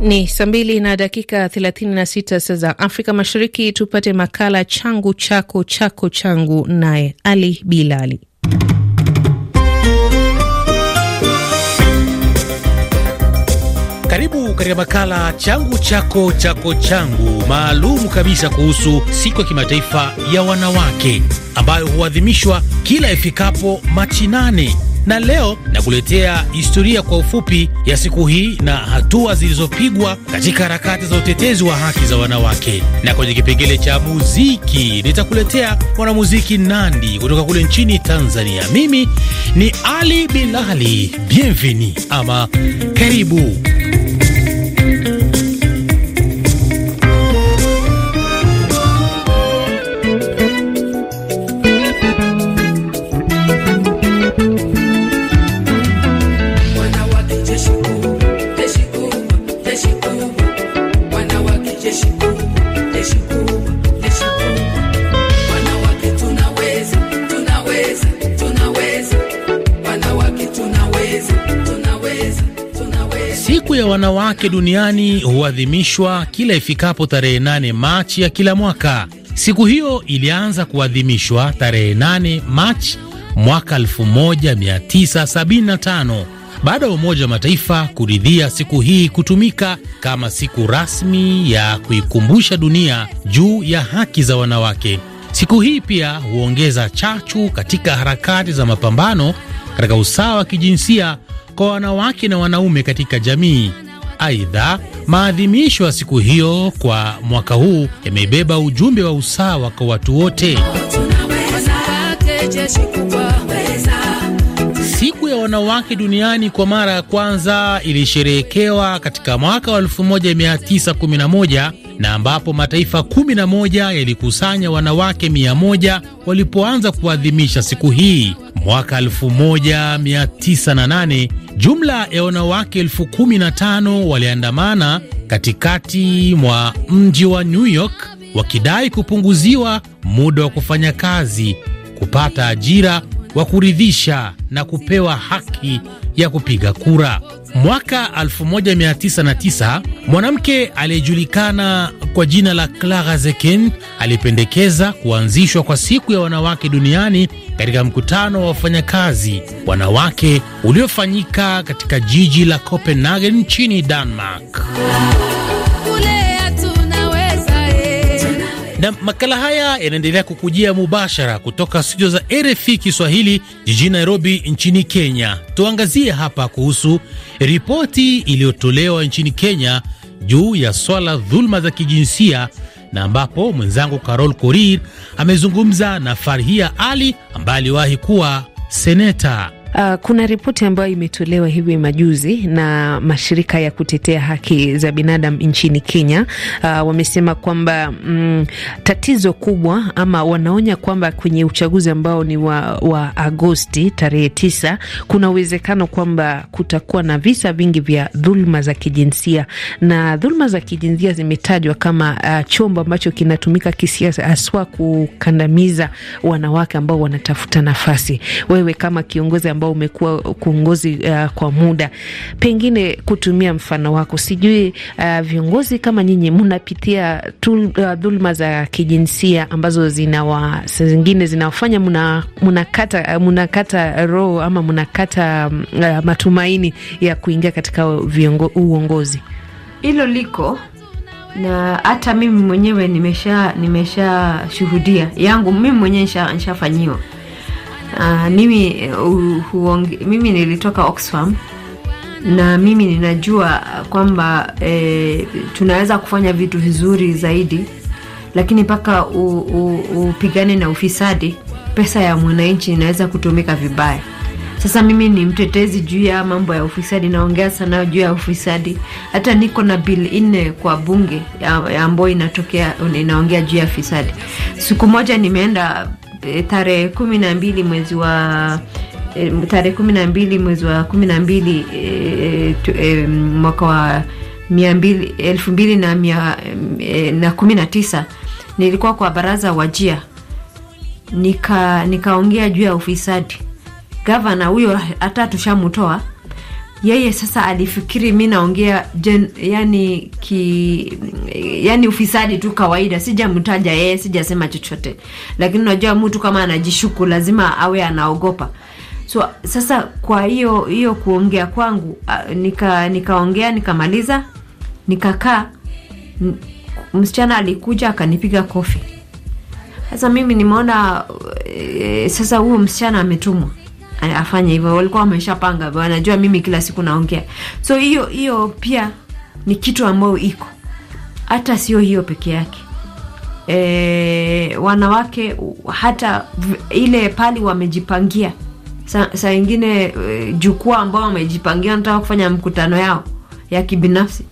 Ni saa mbili na dakika 36 saa za Afrika Mashariki. Tupate makala changu chako chako changu, naye Ali Bilali. Karibu katika makala changu chako chako changu, maalum kabisa kuhusu siku ya kimataifa ya wanawake ambayo huadhimishwa kila ifikapo Machi nane na leo nakuletea historia kwa ufupi ya siku hii na hatua zilizopigwa katika harakati za utetezi wa haki za wanawake. Na kwenye kipengele cha muziki nitakuletea mwanamuziki Nandi kutoka kule nchini Tanzania. Mimi ni Ali Bilali, bienveni ama karibu. wanawake duniani huadhimishwa kila ifikapo tarehe 8 Machi ya kila mwaka. Siku hiyo ilianza kuadhimishwa tarehe 8 Machi mwaka 1975 baada ya Umoja wa Mataifa kuridhia siku hii kutumika kama siku rasmi ya kuikumbusha dunia juu ya haki za wanawake. Siku hii pia huongeza chachu katika harakati za mapambano katika usawa wa kijinsia kwa wanawake na wanaume katika jamii. Aidha, maadhimisho ya siku hiyo kwa mwaka huu yamebeba ujumbe wa usawa kwa watu wote. Siku ya wanawake duniani kwa mara ya kwanza ilisherehekewa katika mwaka wa 1911 na ambapo mataifa 11 yalikusanya wanawake 100 walipoanza kuadhimisha siku hii mwaka 1908 jumla ya wanawake elfu kumi na tano waliandamana katikati mwa mji wa New York wakidai kupunguziwa muda wa kufanya kazi, kupata ajira wa kuridhisha na kupewa haki ya kupiga kura. Mwaka 1909 mwanamke aliyejulikana kwa jina la Clara Zetkin alipendekeza kuanzishwa kwa siku ya wanawake duniani katika mkutano wa wafanyakazi wanawake uliofanyika katika jiji la Copenhagen nchini Denmark. na makala haya yanaendelea kukujia mubashara kutoka studio za RFI Kiswahili jijini Nairobi nchini Kenya. Tuangazie hapa kuhusu ripoti iliyotolewa nchini Kenya juu ya swala dhuluma za kijinsia na ambapo mwenzangu Carol Korir amezungumza na Farhia Ali ambaye aliwahi kuwa seneta. Uh, kuna ripoti ambayo imetolewa hivi majuzi na mashirika ya kutetea haki za binadamu nchini Kenya. Uh, wamesema kwamba mm, tatizo kubwa ama wanaonya kwamba kwenye uchaguzi ambao ni wa, wa Agosti tarehe tisa, kuna uwezekano kwamba kutakuwa na visa vingi vya dhuluma za kijinsia, na dhuluma za kijinsia zimetajwa kama uh, chombo ambacho kinatumika kisiasa haswa kukandamiza wanawake ambao wanatafuta nafasi. Wewe kama kiongozi ambao ambao umekuwa kuongozi uh, eh, kwa muda, pengine kutumia mfano wako, sijui uh, viongozi kama nyinyi mnapitia uh, eh, dhuluma za kijinsia ambazo zinawa zingine zinawafanya mnakata mnakata roho ama mnakata uh, mm, matumaini ya kuingia katika viongo, uongozi. Hilo liko na hata mimi mwenyewe nimesha nimesha shuhudia yangu mimi mwenyewe nishafanyiwa nisha Uh, mimi, uh, huong, mimi nilitoka Oxfam na mimi ninajua kwamba eh, tunaweza kufanya vitu vizuri zaidi, lakini mpaka upigane na ufisadi, pesa ya mwananchi inaweza kutumika vibaya. Sasa mimi ni mtetezi juu ya mambo ya ufisadi, naongea sana juu ya ufisadi. Hata niko na bill nne kwa bunge ambayo inatokea inaongea juu ya fisadi. Siku moja nimeenda Eh, tarehe kumi na mbili mwezi wa e, tarehe kumi na mbili mwezi wa kumi na mbili e, e, mwaka wa mia mbili, elfu mbili na, mia, e, na kumi na tisa nilikuwa kwa baraza wajia nika nikaongea juu ya ufisadi. Gavana huyo hata tushamutoa yeye sasa alifikiri mi naongea yani ki yani ufisadi tu kawaida. Sijamtaja yeye, sijasema chochote, lakini unajua mtu kama anajishuku lazima awe anaogopa. So sasa kwa hiyo hiyo kuongea kwangu nika nikaongea nikamaliza, nikakaa. Msichana alikuja akanipiga kofi. Sasa mimi nimeona e, sasa huyo msichana ametumwa afanye hivyo, walikuwa wameshapanga hivyo, wanajua mimi kila siku naongea. So hiyo hiyo pia ni kitu ambayo iko hata sio hiyo peke yake. E, wanawake hata ile pali wamejipangia saa sa ingine e, jukwaa ambao wamejipangia wanataka kufanya mkutano yao ya kibinafsi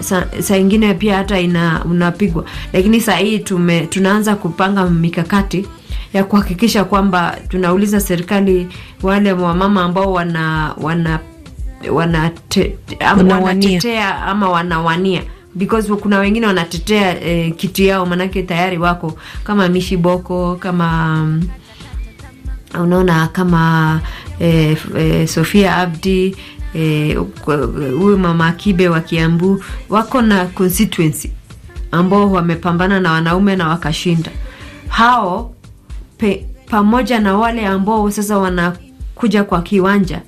saa sa ingine pia hata ina unapigwa, lakini saa hii tume tunaanza kupanga mikakati ya kuhakikisha kwamba tunauliza serikali wale wamama ambao wana wana ama wanatetea ama wanawania because kuna wengine wanatetea eh, kitu yao, maanake tayari wako kama Mishi Boko kama um, unaona kama eh, eh, Sofia Abdi eh, huyu eh, mama Kibe wa Kiambu wako na constituency ambao wamepambana na wanaume na wakashinda hao pe, pamoja na wale ambao sasa wanakuja kwa kiwanja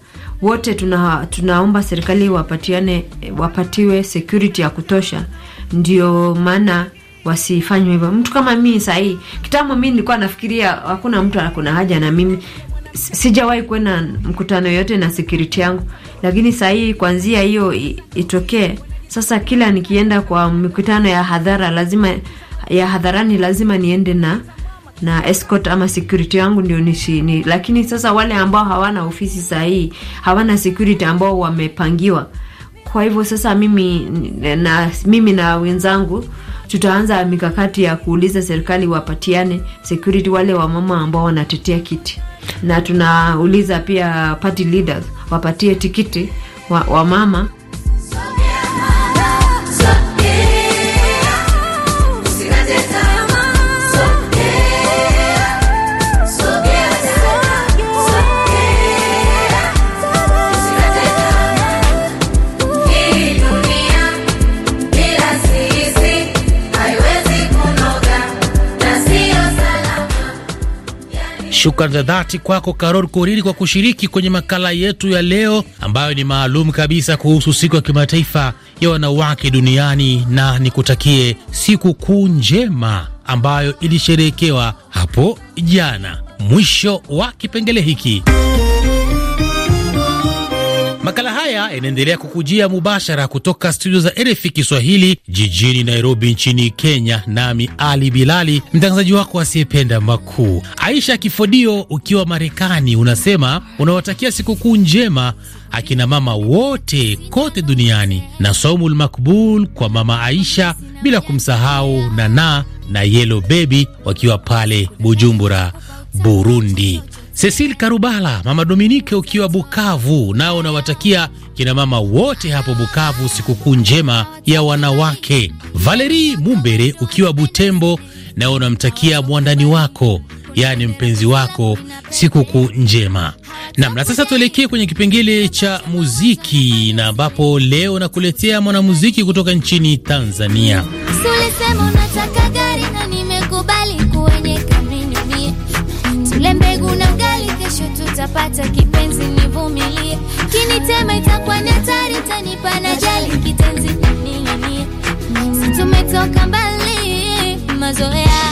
wote tuna, tunaomba serikali wapatiane wapatiwe security ya kutosha, ndio maana wasifanywe hivyo. Mtu kama mimi sahii, kitambo mimi nilikuwa nafikiria hakuna mtu akuna haja na mimi, sijawahi kwenda mkutano yote na security yangu, lakini sahii kwanzia hiyo itokee sasa, kila nikienda kwa mikutano ya hadhara lazima ya hadharani lazima niende na na escort ama security yangu ndio nishini. Lakini sasa wale ambao hawana ofisi sahihi, hawana security ambao wamepangiwa, kwa hivyo sasa mimi na, mimi na wenzangu tutaanza mikakati ya kuuliza serikali wapatiane security wale wamama ambao wanatetea kiti, na tunauliza pia party leaders wapatie tikiti wa wa Shukrani za dhati kwako Karol kuriri kwa kushiriki kwenye makala yetu ya leo ambayo ni maalum kabisa kuhusu siku ya kimataifa ya wanawake duniani, na nikutakie siku kuu njema ambayo ilisherehekewa hapo jana. Mwisho wa kipengele hiki. Makala haya yanaendelea kukujia mubashara kutoka studio za RFI Kiswahili jijini Nairobi nchini Kenya, nami Ali Bilali, mtangazaji wako asiyependa makuu. Aisha Kifodio, ukiwa Marekani, unasema unawatakia sikukuu njema akina mama wote kote duniani na saumul makbul kwa mama Aisha, bila kumsahau Nana na Yellow Baby wakiwa pale Bujumbura, Burundi. Cecil Karubala, mama Dominike, ukiwa Bukavu, nao nawatakia kina mama wote hapo Bukavu sikukuu njema ya wanawake. Valerie Mumbere, ukiwa Butembo, nao unamtakia mwandani wako yaani mpenzi wako sikukuu njema. Nam, na sasa tuelekee kwenye kipengele cha muziki, na ambapo leo nakuletea mwanamuziki kutoka nchini Tanzania. Sulisema, nitapata kipenzi, nivumilie. Kinitema itakuwa ni hatari, tanipa na jali kitenzi, ning'ang'ie. Si tumetoka mbali, mazoea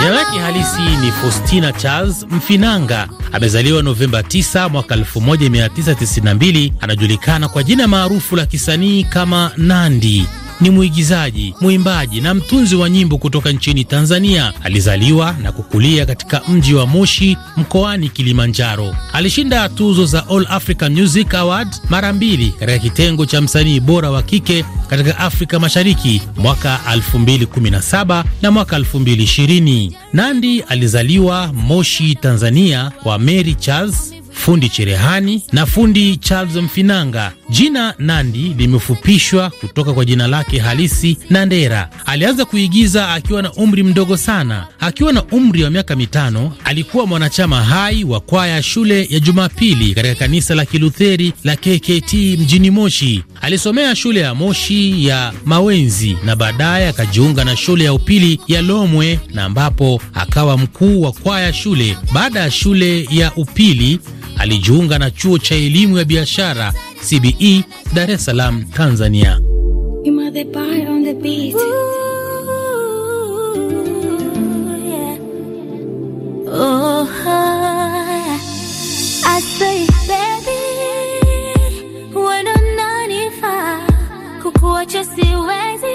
jina lake halisi ni Faustina Charles Mfinanga. Amezaliwa Novemba 9 mwaka 1992. Anajulikana kwa jina maarufu la kisanii kama Nandi ni mwigizaji, mwimbaji na mtunzi wa nyimbo kutoka nchini Tanzania. Alizaliwa na kukulia katika mji wa Moshi mkoani Kilimanjaro. Alishinda tuzo za All africa Music Award mara mbili katika kitengo cha msanii bora wa kike katika Afrika Mashariki mwaka 2017 na mwaka 2020. Nandi alizaliwa Moshi, Tanzania kwa Mary Charles fundi cherehani na fundi Charles Mfinanga. Jina Nandi limefupishwa kutoka kwa jina lake halisi Nandera. Alianza kuigiza akiwa na umri mdogo sana. Akiwa na umri wa miaka mitano, alikuwa mwanachama hai wa kwaya shule ya Jumapili katika kanisa la Kilutheri la KKT mjini Moshi. Alisomea shule ya Moshi ya Mawenzi na baadaye akajiunga na shule ya upili ya Lomwe na ambapo akawa mkuu wa kwaya shule. Baada ya shule ya upili alijiunga na chuo cha elimu ya biashara CBE Dar es Salaam, Tanzania. Oh, Kukuacha siwezi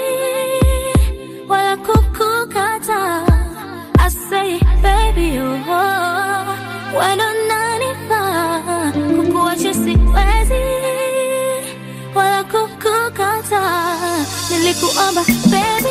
Hindi ko ba, baby,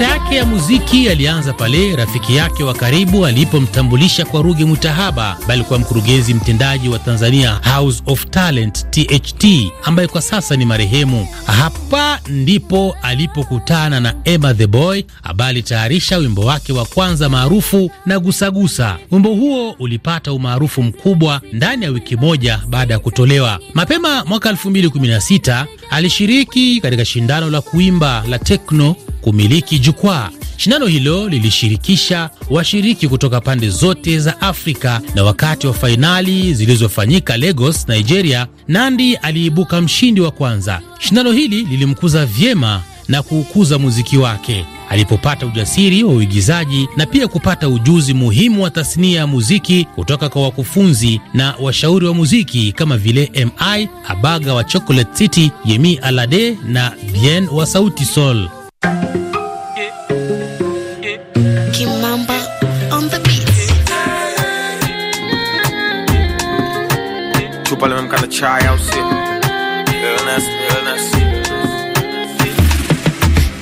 Maisha yake ya muziki alianza pale rafiki yake wa karibu alipomtambulisha kwa Ruge Mutahaba, bali kwa mkurugenzi mtendaji wa Tanzania House of Talent THT, ambaye kwa sasa ni marehemu. Hapa ndipo alipokutana na Emma the Boy ambaye alitayarisha wimbo wake wa kwanza maarufu na Gusagusa. Wimbo huo ulipata umaarufu mkubwa ndani ya wiki moja baada ya kutolewa. Mapema mwaka 2016 alishiriki katika shindano la kuimba la Tekno kumiliki jukwaa. Shindano hilo lilishirikisha washiriki kutoka pande zote za Afrika, na wakati wa fainali zilizofanyika Lagos, Nigeria, Nandi aliibuka mshindi wa kwanza. Shindano hili lilimkuza vyema na kuukuza muziki wake alipopata ujasiri wa uigizaji na pia kupata ujuzi muhimu wa tasnia ya muziki kutoka kwa wakufunzi na washauri wa muziki kama vile Mi Abaga wa Chocolate City, Yemi Alade na Bien wa Sauti Sol pale memkana chai au sio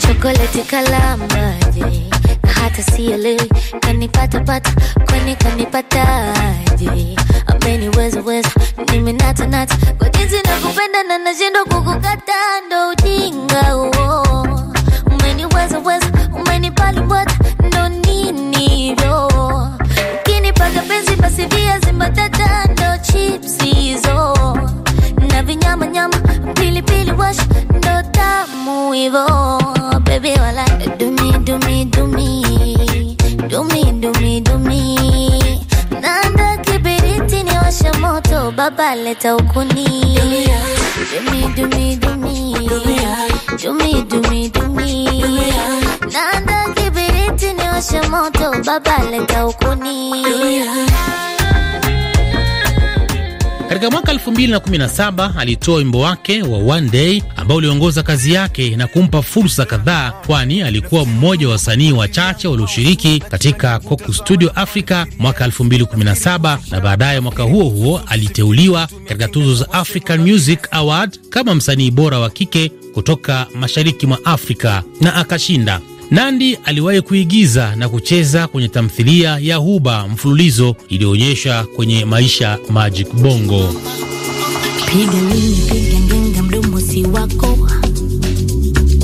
chokoleti kalamaje hata siele kanipatapata kwani kanipataje ameniwezaweza nimenatanata kwa jinsi nakupenda na nashindwa kukukata ndo ujinga uo umeniweza weza umenipaliweza ndo ninivyo ukinipaga penzi basi viazi mbatata ndo chips hizo na pilipili wash ndo tamu wala dumi dumi dumi dumi dumi dumi nanda kibiriti ni washa moto baba leta ukuni dumi dumi, dumi. moto baba, leta ukuni. Katika mwaka 2017 alitoa wimbo wake wa One Day ambao uliongoza kazi yake na kumpa fursa kadhaa, kwani alikuwa mmoja wa wasanii wachache walioshiriki katika Coco Studio Africa mwaka 2017, na baadaye mwaka huo huo aliteuliwa katika tuzo za African Music Award kama msanii bora wa kike kutoka mashariki mwa Afrika na akashinda. Nandi aliwahi kuigiza na kucheza kwenye tamthilia ya Huba mfululizo iliyoonyesha kwenye Maisha Magic Bongo. Piga mimi, piga ngenga, mdomo si wako,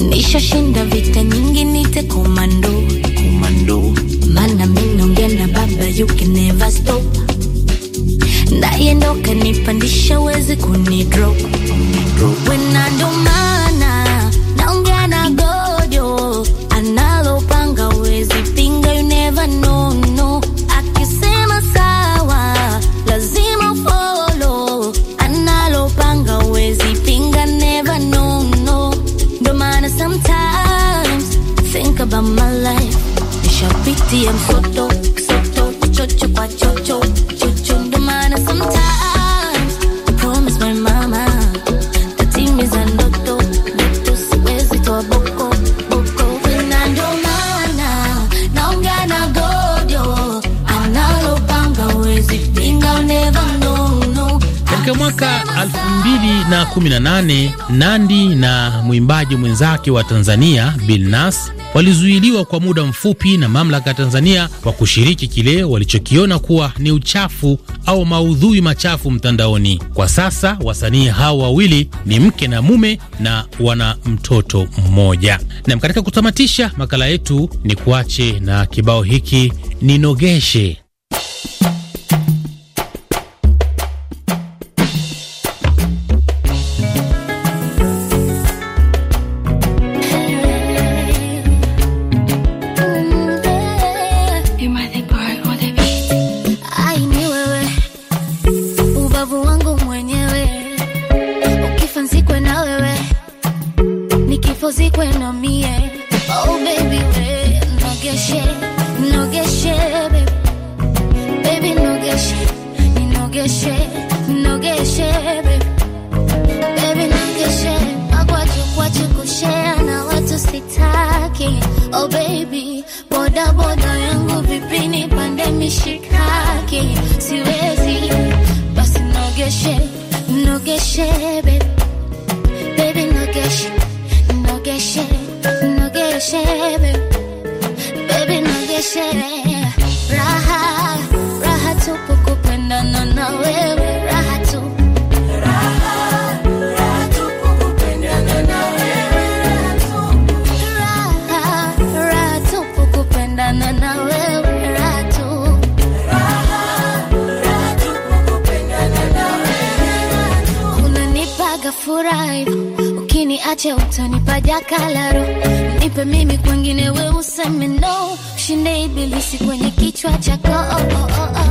nishashinda vita nyingi, nite komando, komando, mana mimi naongea na baba, you can never stop, naye ndo kanipandisha, wezi kunidrop, when I don't mind katika mwaka 2018 Nandi na mwimbaji mwenzake wa Tanzania Bilnas walizuiliwa kwa muda mfupi na mamlaka ya Tanzania kwa kushiriki kile walichokiona kuwa ni uchafu au maudhui machafu mtandaoni. Kwa sasa wasanii hao wawili ni mke na mume na wana mtoto mmoja. Nam, katika kutamatisha makala yetu, ni kuache na kibao hiki ninogeshe. no get shit, no get baby, baby, no get niache utanipa jakalaro, nipe mimi kwengine, we useme no, shinde ibilisi kwenye kichwa chako oh, oh, oh. oh.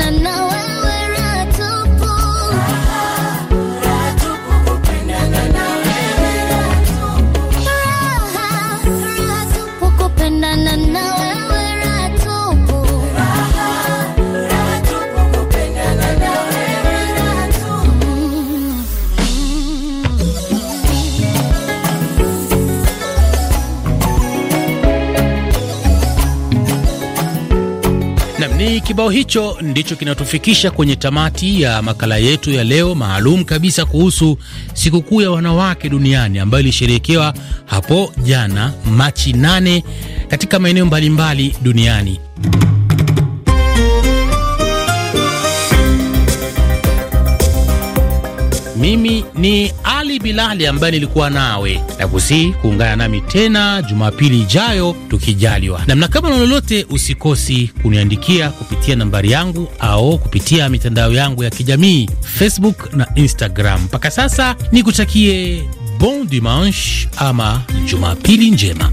na na kibao hicho ndicho kinatufikisha kwenye tamati ya makala yetu ya leo maalum kabisa kuhusu sikukuu ya wanawake duniani ambayo ilisherehekewa hapo jana Machi 8 katika maeneo mbalimbali duniani. Mimi ni Ali Bilali ambaye nilikuwa nawe na kusihi kuungana nami tena Jumapili ijayo tukijaliwa. Namna kama na lolote, usikosi kuniandikia kupitia nambari yangu au kupitia mitandao yangu ya kijamii Facebook na Instagram. Mpaka sasa nikutakie bon dimanche ama Jumapili njema.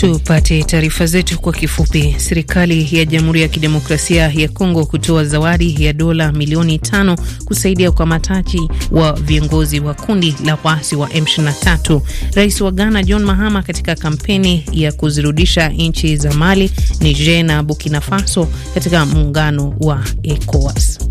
Tupate taarifa zetu kwa kifupi. Serikali ya Jamhuri ya Kidemokrasia ya Kongo kutoa zawadi ya dola milioni tano kusaidia ukamataji wa viongozi wa kundi la waasi wa M23. Rais wa Ghana John Mahama katika kampeni ya kuzirudisha nchi za Mali, Niger na Burkina Faso katika muungano wa ECOWAS.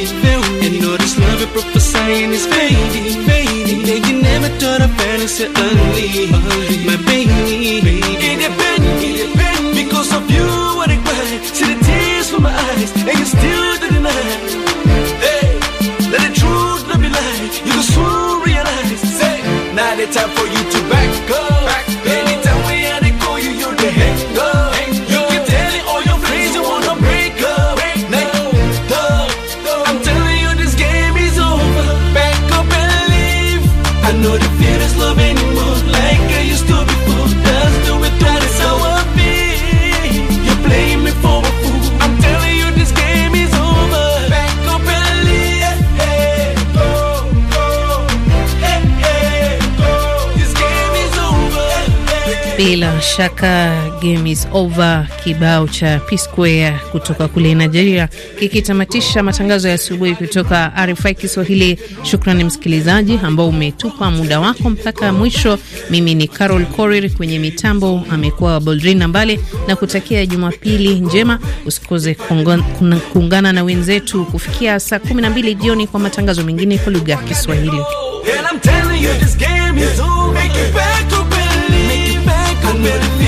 And all this love it prophesying is fading. And you never thought I found ugly. My baby, and been, been because of you. What it was, see the tears my eyes, and you still Hey, let the truth not be You soon realize. now it's time for you to back. Bila shaka game is over, kibao cha P Square kutoka kule Nigeria kikitamatisha matangazo ya asubuhi kutoka RFI Kiswahili. Shukrani msikilizaji ambao umetupa muda wako mpaka mwisho. Mimi ni Carol Korir, kwenye mitambo amekuwa Boldrin Mbale na kutakia Jumapili njema. Usikose kuungana na wenzetu kufikia saa 12 jioni kwa matangazo mengine kwa lugha ya Kiswahili. Yeah.